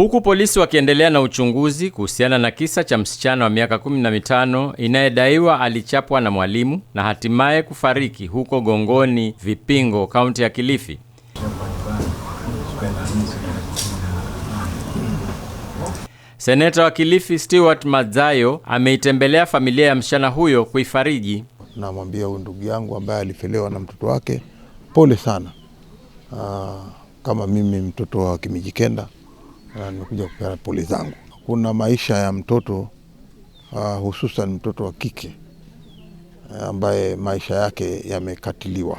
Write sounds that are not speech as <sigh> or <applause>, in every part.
Huku polisi wakiendelea na uchunguzi kuhusiana na kisa cha msichana wa miaka 15 inayedaiwa alichapwa na mwalimu na hatimaye kufariki huko Gongoni Vipingo, kaunti ya Kilifi. Seneta wa Kilifi Stewart mazayo ameitembelea familia ya msichana huyo kuifariji. Namwambia huyu ndugu yangu ambaye alifelewa na mtoto wake, pole sana. Aa, ah, kama mimi mtoto wa Kimijikenda nimekuja kupeana pole zangu. Kuna maisha ya mtoto uh, hususan mtoto wa kike eh, ambaye maisha yake yamekatiliwa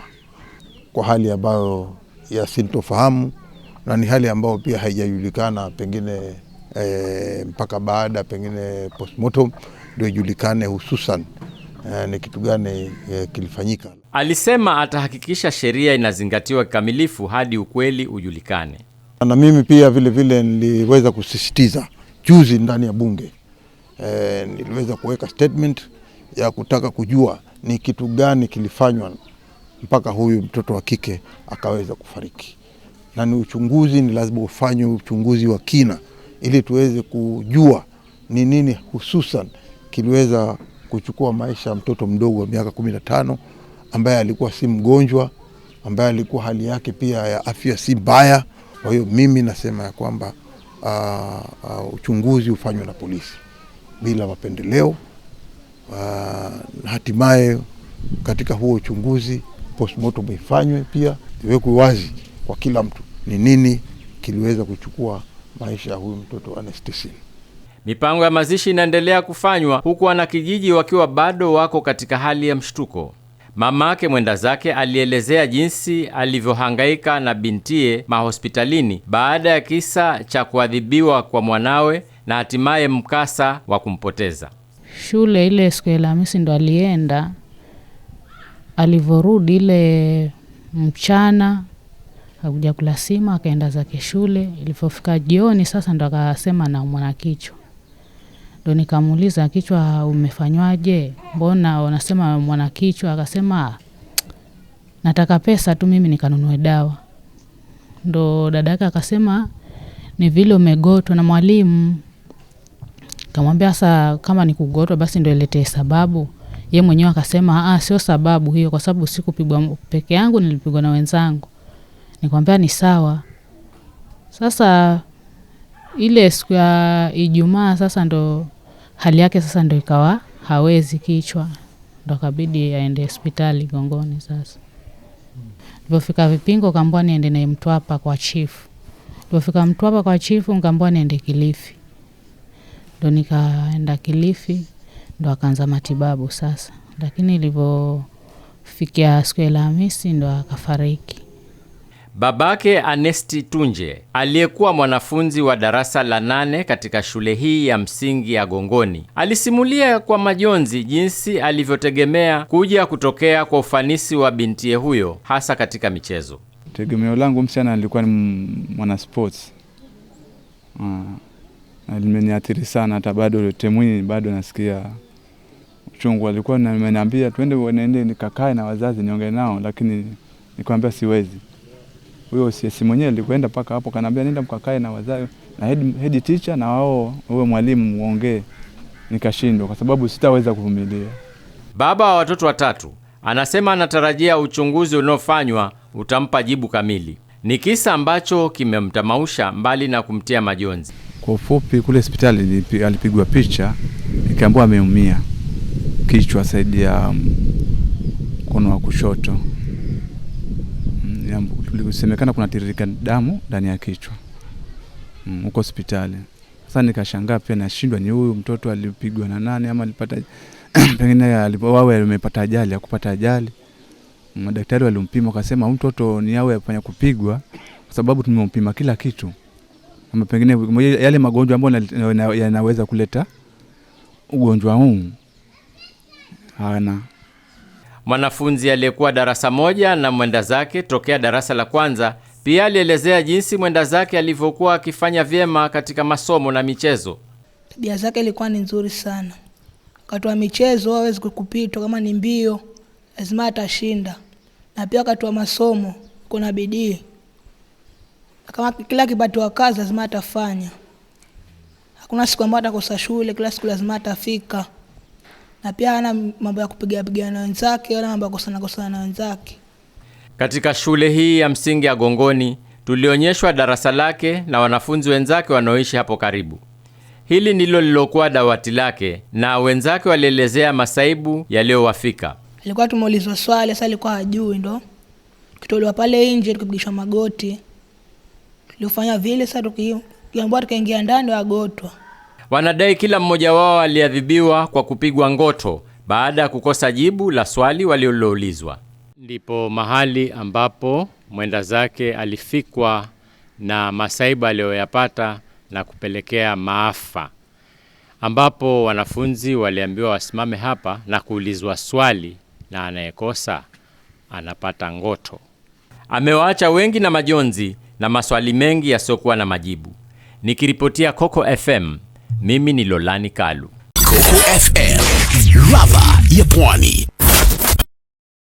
kwa hali ambayo ya sintofahamu na ni hali ambayo pia haijajulikana pengine e, mpaka baada pengine postmortem ndio ijulikane hususan e, ni kitu gani e, kilifanyika. Alisema atahakikisha sheria inazingatiwa kikamilifu hadi ukweli ujulikane. Na mimi pia vile vile niliweza kusisitiza juzi ndani ya bunge e, niliweza kuweka statement ya kutaka kujua ni kitu gani kilifanywa mpaka huyu mtoto wa kike akaweza kufariki, na ni uchunguzi, ni lazima ufanywe uchunguzi wa kina ili tuweze kujua ni nini hususan kiliweza kuchukua maisha ya mtoto mdogo wa miaka kumi na tano ambaye alikuwa si mgonjwa, ambaye alikuwa hali yake pia ya afya si mbaya. Kwa hiyo mimi nasema ya kwamba uh, uh, uchunguzi ufanywe na polisi bila mapendeleo uh, hatimaye katika huo uchunguzi postmortem ifanywe pia, iwekwe wazi kwa kila mtu ni nini kiliweza kuchukua maisha ya huyu mtoto Anastasia. Mipango ya mazishi inaendelea kufanywa huku wanakijiji wakiwa bado wako katika hali ya mshtuko. Mama yake mwenda zake alielezea jinsi alivyohangaika na bintiye mahospitalini baada ya kisa cha kuadhibiwa kwa mwanawe na hatimaye mkasa wa kumpoteza. Shule ile siku ya Alhamisi ndo alienda, alivyorudi ile mchana akuja kula sima, akaenda zake shule. Ilivyofika jioni sasa ndo akasema naumwa na kichwa Ndo nikamuuliza kichwa umefanywaje? Mbona wanasema mwana kichwa? Akasema nataka pesa tu mimi nikanunue dawa. Ndo dada yake akasema ni vile umegotwa na mwalimu. Kamwambia sasa, kama ni kugotwa basi ndo iletee sababu. Ye mwenyewe akasema ah, sio sababu hiyo, kwa sababu sikupigwa peke yangu, nilipigwa na wenzangu. Nikwambia ni sawa. Sasa ile siku ya Ijumaa sasa ndo hali yake sasa ndo ikawa hawezi kichwa, ndo akabidi aende hospitali Gongoni. Sasa livyofika Vipingo kambwa niende naye Mtwapa kwa chifu. Nilipofika Mtwapa kwa chifu nkaambua niende Kilifi, ndo nikaenda Kilifi ndo akaanza matibabu sasa, lakini ilivyofikia siku ya Alhamisi ndo akafariki. Babake Anesti Tunje aliyekuwa mwanafunzi wa darasa la nane katika shule hii ya msingi ya Gongoni alisimulia kwa majonzi jinsi alivyotegemea kuja kutokea kwa ufanisi wa bintiye huyo hasa katika michezo. Tegemeo langu msichana alikuwa ni mwana sports. Ah, limeniathiri sana, hata bado temwini bado nasikia uchungu. Alikuwa ameniambia twende, nende nikakae na wazazi niongee nao, lakini nikwambia siwezi huyo CS mwenyewe alikwenda mpaka hapo, kanaambia nenda mkakae na wazazi na head, head teacher na wao wewe mwalimu muongee. Nikashindwa kwa sababu sitaweza kuvumilia. Baba wa watoto watatu anasema anatarajia uchunguzi unaofanywa utampa jibu kamili. Ni kisa ambacho kimemtamausha mbali na kumtia majonzi. Kwa ufupi, kule hospitali alipigwa picha, ikaambiwa ameumia kichwa, saidi ya mkono wa kushoto kulisemekana kunatiririka damu ndani ya kichwa mm, huko hospitali. Sasa nikashangaa pia, nashindwa ni huyu mtoto alipigwa na nani ama alipata <coughs> pengine wawe amepata ajali, akupata ajali. Mm, madaktari walimpima wakasema huyu mtoto ni awe afanya kupigwa, kwa sababu tumempima kila kitu, ama pengine yale magonjwa ambayo yanaweza kuleta ugonjwa huu hana Mwanafunzi aliyekuwa darasa moja na mwenda zake tokea darasa la kwanza pia alielezea jinsi mwenda zake alivyokuwa akifanya vyema katika masomo na michezo. Tabia zake ilikuwa ni nzuri sana. Wakati wa michezo awezi kupitwa, kama ni mbio lazima atashinda, na pia wakati wa masomo kuna bidii, kama kila kipatiwa kazi lazima atafanya. Hakuna siku ambayo atakosa shule, kila siku lazima atafika na pia ana mambo ya kupiga piga na wenzake wala mambo ya kosana kosana na wenzake. Katika shule hii ya msingi ya Gongoni tulionyeshwa darasa lake na wanafunzi wenzake wanaoishi hapo karibu. Hili ndilo lilokuwa dawati lake na wenzake walielezea masaibu yaliyowafika. Alikuwa tumeulizwa swali, sasa alikuwa hajui, ndo tutolewa pale nje tukipigishwa magoti. Tulifanya vile, sasa tukiambiwa tukaingia ndani wagotwa. Wanadai kila mmoja wao aliadhibiwa kwa kupigwa ngoto baada ya kukosa jibu la swali waliloulizwa. Ndipo mahali ambapo mwenda zake alifikwa na masaibu aliyoyapata na kupelekea maafa, ambapo wanafunzi waliambiwa wasimame hapa na kuulizwa swali, na anayekosa anapata ngoto. Amewaacha wengi na majonzi na maswali mengi yasiyokuwa na majibu. Nikiripotia Coco FM. Mimi ni Lolani Kalu. Coco FM, ladha ya Pwani.